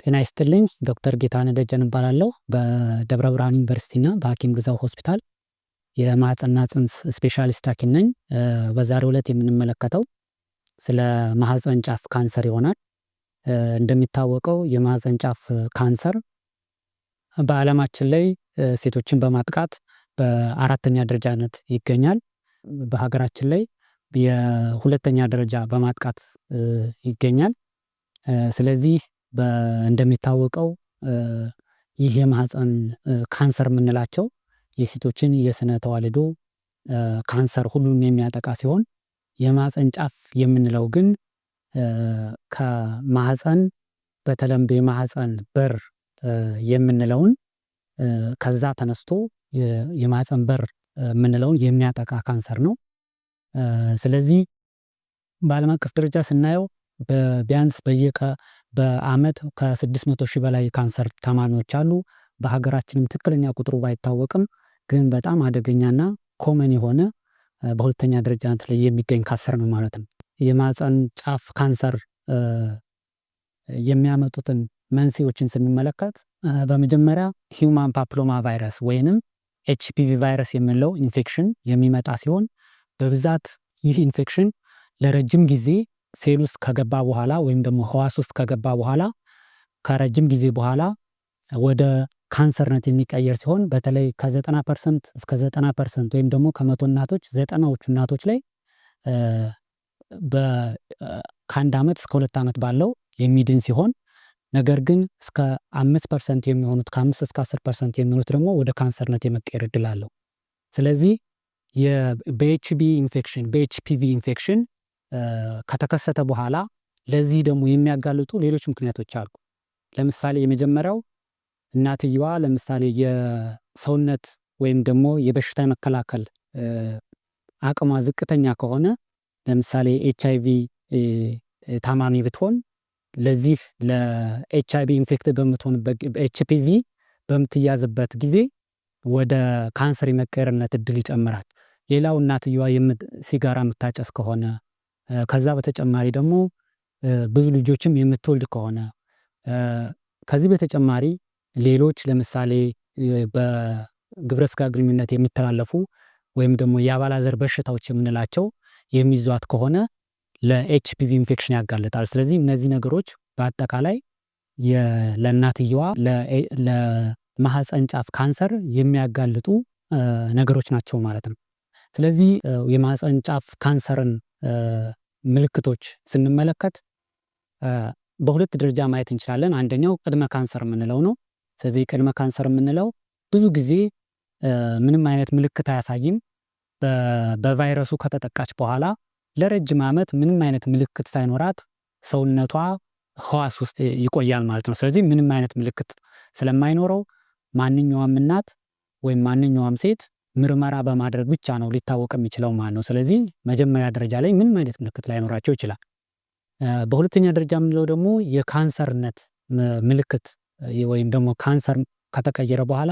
ጤና ይስጥልኝ ዶክተር ጌታነህ ደጀን እባላለሁ በደብረ ብርሃን ዩኒቨርሲቲ እና በሀኪም ግዛው ሆስፒታል የማህፀንና ጽንስ ስፔሻሊስት ሀኪም ነኝ። በዛሬው እለት የምንመለከተው ስለ ማህፀን ጫፍ ካንሰር ይሆናል። እንደሚታወቀው የማህፀን ጫፍ ካንሰር በአለማችን ላይ ሴቶችን በማጥቃት በአራተኛ ደረጃነት ይገኛል። በሀገራችን ላይ የሁለተኛ ደረጃ በማጥቃት ይገኛል። ስለዚህ እንደሚታወቀው ይህ የማህፀን ካንሰር የምንላቸው የሴቶችን የስነ ተዋልዶ ካንሰር ሁሉንም የሚያጠቃ ሲሆን የማህፀን ጫፍ የምንለው ግን ከማህፀን በተለምዶ የማህፀን በር የምንለውን ከዛ ተነስቶ የማህፀን በር የምንለውን የሚያጠቃ ካንሰር ነው። ስለዚህ በዓለም አቀፍ ደረጃ ስናየው ቢያንስ በየከ በአመት ከ600 ሺህ በላይ ካንሰር ታማሚዎች አሉ። በሀገራችንም ትክክለኛ ቁጥሩ ባይታወቅም ግን በጣም አደገኛና ኮመን የሆነ በሁለተኛ ደረጃ ላይ የሚገኝ ካንሰር ነው ማለት ነው። የማፀን ጫፍ ካንሰር የሚያመጡትን መንስኤዎችን ስንመለከት በመጀመሪያ ሂውማን ፓፕሎማ ቫይረስ ወይንም ኤችፒቪ ቫይረስ የምንለው ኢንፌክሽን የሚመጣ ሲሆን በብዛት ይህ ኢንፌክሽን ለረጅም ጊዜ ሴል ውስጥ ከገባ በኋላ ወይም ደግሞ ህዋስ ውስጥ ከገባ በኋላ ከረጅም ጊዜ በኋላ ወደ ካንሰርነት የሚቀየር ሲሆን በተለይ ከዘጠና ፐርሰንት እስከ ዘጠና ፐርሰንት ወይም ደግሞ ከመቶ እናቶች ዘጠናዎቹ እናቶች ላይ ከአንድ ዓመት እስከ ሁለት ዓመት ባለው የሚድን ሲሆን ነገር ግን እስከ አምስት ፐርሰንት የሚሆኑት ከአምስት እስከ አስር ፐርሰንት የሚሆኑት ደግሞ ወደ ካንሰርነት የመቀየር እድል አለው። ስለዚህ በኤችቢ ኢንፌክሽን በኤችፒቪ ኢንፌክሽን ከተከሰተ በኋላ ለዚህ ደግሞ የሚያጋልጡ ሌሎች ምክንያቶች አሉ። ለምሳሌ የመጀመሪያው እናትየዋ ለምሳሌ የሰውነት ወይም ደግሞ የበሽታ መከላከል አቅሟ ዝቅተኛ ከሆነ ለምሳሌ ኤች አይ ቪ ታማሚ ብትሆን ለዚህ ለኤች አይ ቪ ኢንፌክት በምትሆንበት ኤች ፒ ቪ በምትያዝበት ጊዜ ወደ ካንሰር የመቀየርነት እድል ይጨምራል። ሌላው እናትየዋ ሲጋራ የምታጨስ ከሆነ ከዛ በተጨማሪ ደግሞ ብዙ ልጆችም የምትወልድ ከሆነ ከዚህ በተጨማሪ ሌሎች ለምሳሌ በግብረ ስጋ ግንኙነት የሚተላለፉ ወይም ደግሞ የአባላዘር በሽታዎች የምንላቸው የሚዟት ከሆነ ለኤችፒቪ ኢንፌክሽን ያጋልጣል። ስለዚህ እነዚህ ነገሮች በአጠቃላይ ለእናትየዋ ለማህፀን ጫፍ ካንሰር የሚያጋልጡ ነገሮች ናቸው ማለት ነው። ስለዚህ የማህፀን ጫፍ ካንሰርን ምልክቶች ስንመለከት በሁለት ደረጃ ማየት እንችላለን። አንደኛው ቅድመ ካንሰር የምንለው ነው። ስለዚህ ቅድመ ካንሰር የምንለው ብዙ ጊዜ ምንም አይነት ምልክት አያሳይም። በቫይረሱ ከተጠቃች በኋላ ለረጅም ዓመት ምንም አይነት ምልክት ሳይኖራት ሰውነቷ ህዋስ ውስጥ ይቆያል ማለት ነው። ስለዚህ ምንም አይነት ምልክት ስለማይኖረው ማንኛውም እናት ወይም ማንኛውም ሴት ምርመራ በማድረግ ብቻ ነው ሊታወቅ የሚችለው ማለት ነው። ስለዚህ መጀመሪያ ደረጃ ላይ ምንም አይነት ምልክት ላይኖራቸው ይችላል። በሁለተኛ ደረጃ የምንለው ደግሞ የካንሰርነት ምልክት ወይም ደግሞ ካንሰር ከተቀየረ በኋላ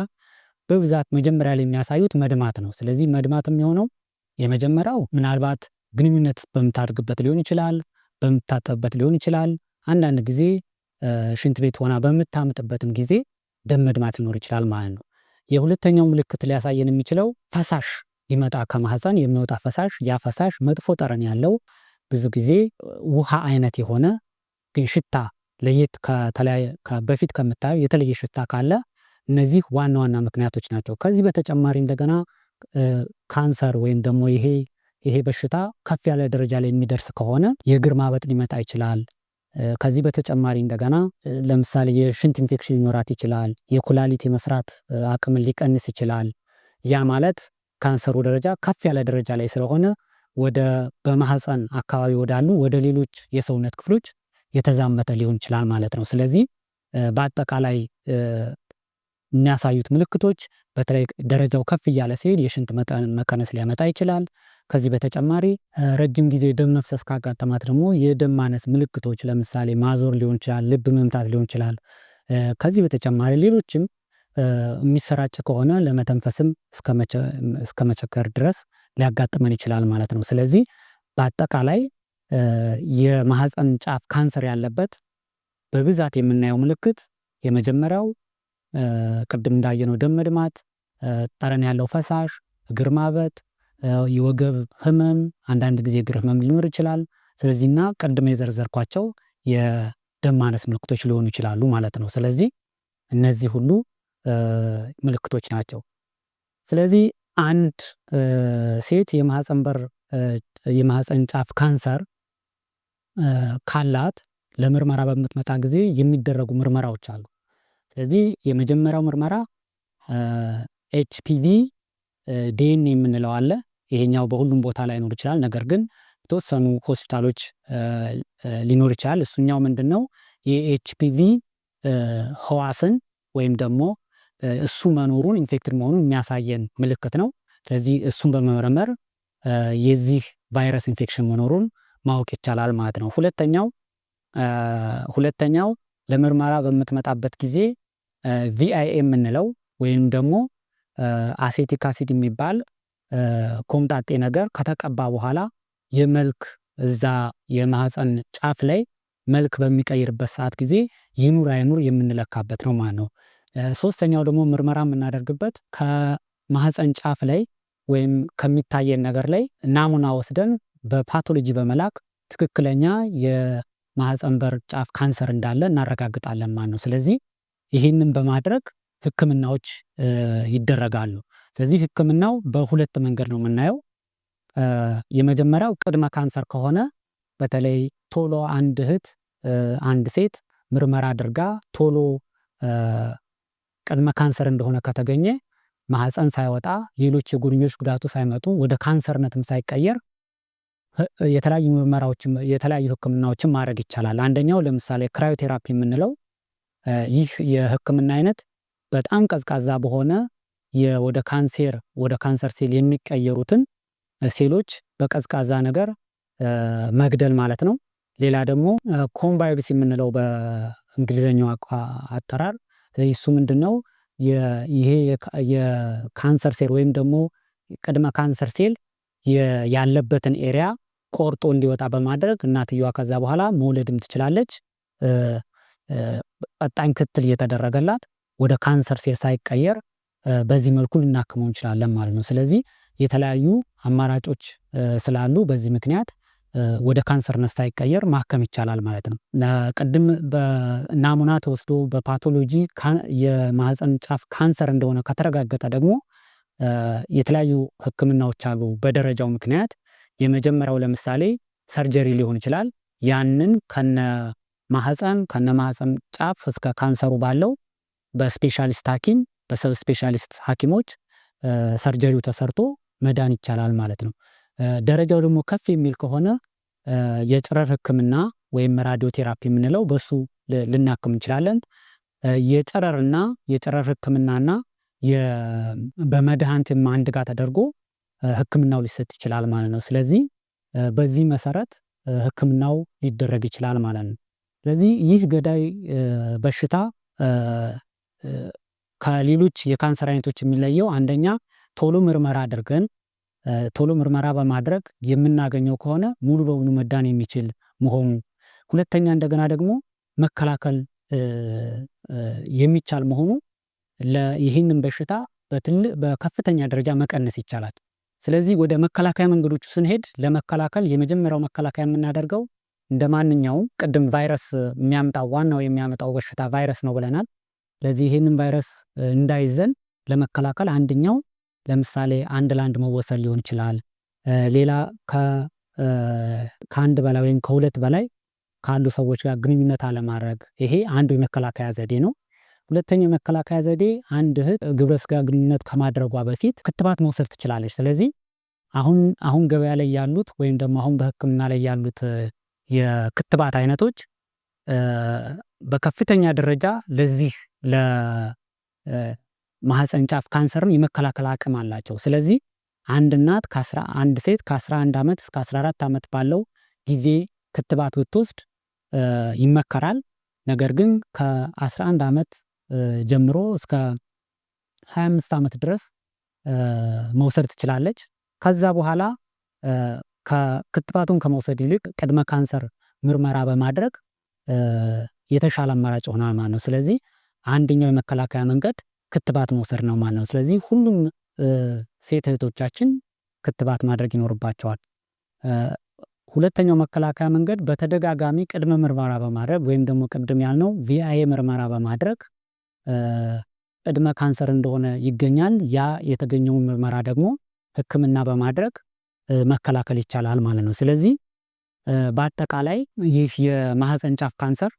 በብዛት መጀመሪያ ላይ የሚያሳዩት መድማት ነው። ስለዚህ መድማት የሚሆነው የመጀመሪያው ምናልባት ግንኙነት በምታደርግበት ሊሆን ይችላል፣ በምታጠብበት ሊሆን ይችላል። አንዳንድ ጊዜ ሽንት ቤት ሆና በምታምጥበትም ጊዜ ደም መድማት ሊኖር ይችላል ማለት ነው። የሁለተኛው ምልክት ሊያሳየን የሚችለው ፈሳሽ ይመጣ ከማህፀን የሚወጣ ፈሳሽ፣ ያ ፈሳሽ መጥፎ ጠረን ያለው ብዙ ጊዜ ውሃ አይነት የሆነ ግን ሽታ ለየት በፊት ከምታየው የተለየ ሽታ ካለ እነዚህ ዋና ዋና ምክንያቶች ናቸው። ከዚህ በተጨማሪ እንደገና ካንሰር ወይም ደግሞ ይሄ ይሄ በሽታ ከፍ ያለ ደረጃ ላይ የሚደርስ ከሆነ የእግር ማበጥ ሊመጣ ይችላል። ከዚህ በተጨማሪ እንደገና ለምሳሌ የሽንት ኢንፌክሽን ሊኖራት ይችላል። የኩላሊት የመስራት አቅምን ሊቀንስ ይችላል። ያ ማለት ካንሰሩ ደረጃ ከፍ ያለ ደረጃ ላይ ስለሆነ ወደ በማህፀን አካባቢ ወዳሉ ወደ ሌሎች የሰውነት ክፍሎች የተዛመተ ሊሆን ይችላል ማለት ነው። ስለዚህ በአጠቃላይ የሚያሳዩት ምልክቶች በተለይ ደረጃው ከፍ እያለ ሲሄድ የሽንት መጠን መቀነስ ሊያመጣ ይችላል። ከዚህ በተጨማሪ ረጅም ጊዜ ደም መፍሰስ ካጋጠማት ደግሞ የደም ማነስ ምልክቶች ለምሳሌ ማዞር ሊሆን ይችላል፣ ልብ መምታት ሊሆን ይችላል። ከዚህ በተጨማሪ ሌሎችም የሚሰራጭ ከሆነ ለመተንፈስም እስከ መቸገር ድረስ ሊያጋጥመን ይችላል ማለት ነው። ስለዚህ በአጠቃላይ የማህፀን ጫፍ ካንሰር ያለበት በብዛት የምናየው ምልክት የመጀመሪያው ቅድም እንዳየነው ደም መድማት፣ ጠረን ያለው ፈሳሽ፣ እግር ማበጥ፣ የወገብ ህመም አንዳንድ ጊዜ እግር ህመም ሊኖር ይችላል። ስለዚህና ቅድም የዘረዘርኳቸው የደም ማነስ ምልክቶች ሊሆኑ ይችላሉ ማለት ነው። ስለዚህ እነዚህ ሁሉ ምልክቶች ናቸው። ስለዚህ አንድ ሴት የማህፀን በር የማህፀን ጫፍ ካንሰር ካላት ለምርመራ በምትመጣ ጊዜ የሚደረጉ ምርመራዎች አሉ። ስለዚህ የመጀመሪያው ምርመራ ኤችፒቪ ዴን የምንለው አለ። ይሄኛው በሁሉም ቦታ ላይኖር ይችላል፣ ነገር ግን የተወሰኑ ሆስፒታሎች ሊኖር ይችላል። እሱኛው ምንድን ነው የኤችፒቪ ህዋስን ወይም ደግሞ እሱ መኖሩን ኢንፌክትድ መሆኑን የሚያሳየን ምልክት ነው። ስለዚህ እሱን በመመረመር የዚህ ቫይረስ ኢንፌክሽን መኖሩን ማወቅ ይቻላል ማለት ነው። ሁለተኛው ሁለተኛው ለምርመራ በምትመጣበት ጊዜ ቪአይኤ የምንለው ወይም ደግሞ አሴቲክ አሲድ የሚባል ኮምጣጤ ነገር ከተቀባ በኋላ የመልክ እዛ የማህፀን ጫፍ ላይ መልክ በሚቀይርበት ሰዓት ጊዜ ይኑር አይኑር የምንለካበት ነው ማለት ነው። ሶስተኛው ደግሞ ምርመራ የምናደርግበት ከማህፀን ጫፍ ላይ ወይም ከሚታየን ነገር ላይ ናሙና ወስደን በፓቶሎጂ በመላክ ትክክለኛ የማህፀን በር ጫፍ ካንሰር እንዳለ እናረጋግጣለን ማለት ነው። ስለዚህ ይህንን በማድረግ ህክምናዎች ይደረጋሉ። ስለዚህ ህክምናው በሁለት መንገድ ነው የምናየው። የመጀመሪያው ቅድመ ካንሰር ከሆነ በተለይ ቶሎ አንድ እህት አንድ ሴት ምርመራ አድርጋ ቶሎ ቅድመ ካንሰር እንደሆነ ከተገኘ ማህፀን ሳይወጣ ሌሎች የጎንዮሽ ጉዳቱ ሳይመጡ ወደ ካንሰርነትም ሳይቀየር የተለያዩ ምርመራዎችን የተለያዩ ህክምናዎችን ማድረግ ይቻላል። አንደኛው ለምሳሌ ክራዮቴራፒ የምንለው ይህ የህክምና አይነት በጣም ቀዝቃዛ በሆነ ወደ ካንሴር ወደ ካንሰር ሴል የሚቀየሩትን ሴሎች በቀዝቃዛ ነገር መግደል ማለት ነው። ሌላ ደግሞ ኮምባዮክስ የምንለው በእንግሊዝኛው አጠራር እሱ ምንድን ነው? ይሄ የካንሰር ሴል ወይም ደግሞ ቅድመ ካንሰር ሴል ያለበትን ኤሪያ ቆርጦ እንዲወጣ በማድረግ እናትየዋ ከዛ በኋላ መውለድም ትችላለች። ቀጣይ ክትትል እየተደረገላት ወደ ካንሰር ሴል ሳይቀየር በዚህ መልኩ ልናክመው እንችላለን ማለት ነው። ስለዚህ የተለያዩ አማራጮች ስላሉ በዚህ ምክንያት ወደ ካንሰርነት ሳይቀየር ማከም ይቻላል ማለት ነው። ቅድም በናሙና ተወስዶ በፓቶሎጂ የማህፀን ጫፍ ካንሰር እንደሆነ ከተረጋገጠ ደግሞ የተለያዩ ሕክምናዎች አሉ። በደረጃው ምክንያት የመጀመሪያው ለምሳሌ ሰርጀሪ ሊሆን ይችላል። ያንን ከነ ማህፀን ከነ ማህፀን ጫፍ እስከ ካንሰሩ ባለው በስፔሻሊስት ሐኪም በሰብ ስፔሻሊስት ሐኪሞች ሰርጀሪው ተሰርቶ መዳን ይቻላል ማለት ነው። ደረጃው ደግሞ ከፍ የሚል ከሆነ የጨረር ህክምና ወይም ራዲዮ ቴራፒ የምንለው በሱ ልናክም እንችላለን። የጨረርና የጨረር ህክምናና በመድኃኒትም አንድ ጋር ተደርጎ ህክምናው ሊሰጥ ይችላል ማለት ነው። ስለዚህ በዚህ መሰረት ህክምናው ሊደረግ ይችላል ማለት ነው። ስለዚህ ይህ ገዳይ በሽታ ከሌሎች የካንሰር አይነቶች የሚለየው አንደኛ ቶሎ ምርመራ አድርገን ቶሎ ምርመራ በማድረግ የምናገኘው ከሆነ ሙሉ በሙሉ መዳን የሚችል መሆኑ፣ ሁለተኛ እንደገና ደግሞ መከላከል የሚቻል መሆኑ ይህንን በሽታ በከፍተኛ ደረጃ መቀነስ ይቻላል። ስለዚህ ወደ መከላከያ መንገዶቹ ስንሄድ ለመከላከል የመጀመሪያው መከላከያ የምናደርገው እንደ ማንኛውም ቅድም ቫይረስ የሚያምጣው ዋናው የሚያመጣው በሽታ ቫይረስ ነው ብለናል። ስለዚህ ይህንን ቫይረስ እንዳይዘን ለመከላከል አንደኛው ለምሳሌ አንድ ለአንድ መወሰድ ሊሆን ይችላል። ሌላ ከአንድ በላይ ወይም ከሁለት በላይ ካሉ ሰዎች ጋር ግንኙነት አለማድረግ፣ ይሄ አንዱ የመከላከያ ዘዴ ነው። ሁለተኛው የመከላከያ ዘዴ አንድ እህት ግብረ ስጋ ግንኙነት ከማድረጓ በፊት ክትባት መውሰድ ትችላለች። ስለዚህ አሁን አሁን ገበያ ላይ ያሉት ወይም ደግሞ አሁን በሕክምና ላይ ያሉት የክትባት አይነቶች በከፍተኛ ደረጃ ለዚህ ለማህፀን ጫፍ ካንሰርም የመከላከል አቅም አላቸው። ስለዚህ አንድ እናት አንድ ሴት ከ11 ዓመት እስከ 14 ዓመት ባለው ጊዜ ክትባት ብትወስድ ይመከራል። ነገር ግን ከ11 ዓመት ጀምሮ እስከ 25 ዓመት ድረስ መውሰድ ትችላለች። ከዛ በኋላ ክትባቱን ከመውሰድ ይልቅ ቅድመ ካንሰር ምርመራ በማድረግ የተሻለ አማራጭ ይሆናል ማለት ነው። ስለዚህ አንደኛው የመከላከያ መንገድ ክትባት መውሰድ ነው ማለት ነው። ስለዚህ ሁሉም ሴት እህቶቻችን ክትባት ማድረግ ይኖርባቸዋል። ሁለተኛው መከላከያ መንገድ በተደጋጋሚ ቅድመ ምርመራ በማድረግ ወይም ደግሞ ቅድም ያልነው ቪአይኤ ምርመራ በማድረግ ቅድመ ካንሰር እንደሆነ ይገኛል። ያ የተገኘውን ምርመራ ደግሞ ህክምና በማድረግ መከላከል ይቻላል ማለት ነው። ስለዚህ በአጠቃላይ ይህ የማህፀን ጫፍ ካንሰር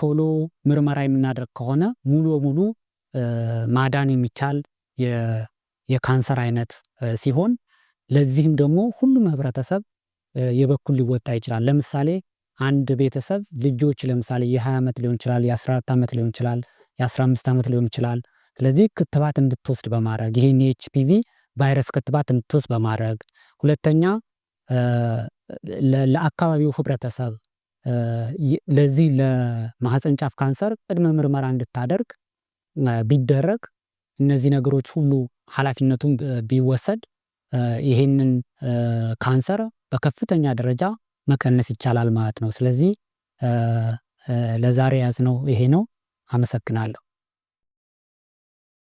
ቶሎ ምርመራ የምናደርግ ከሆነ ሙሉ በሙሉ ማዳን የሚቻል የካንሰር አይነት ሲሆን ለዚህም ደግሞ ሁሉም ህብረተሰብ የበኩል ሊወጣ ይችላል። ለምሳሌ አንድ ቤተሰብ ልጆች ለምሳሌ የ20 ዓመት ሊሆን ይችላል፣ የ14 ዓመት ሊሆን ይችላል፣ የ15 ዓመት ሊሆን ይችላል። ስለዚህ ክትባት እንድትወስድ በማድረግ ይህን የኤችፒቪ ቫይረስ ክትባት እንድትወስድ በማድረግ ሁለተኛ ለአካባቢው ህብረተሰብ ለዚህ ለማህፀን ጫፍ ካንሰር ቅድመ ምርመራ እንድታደርግ ቢደረግ እነዚህ ነገሮች ሁሉ ኃላፊነቱን ቢወሰድ ይሄንን ካንሰር በከፍተኛ ደረጃ መቀነስ ይቻላል ማለት ነው። ስለዚህ ለዛሬ ያዝነው ይሄ ነው። አመሰግናለሁ።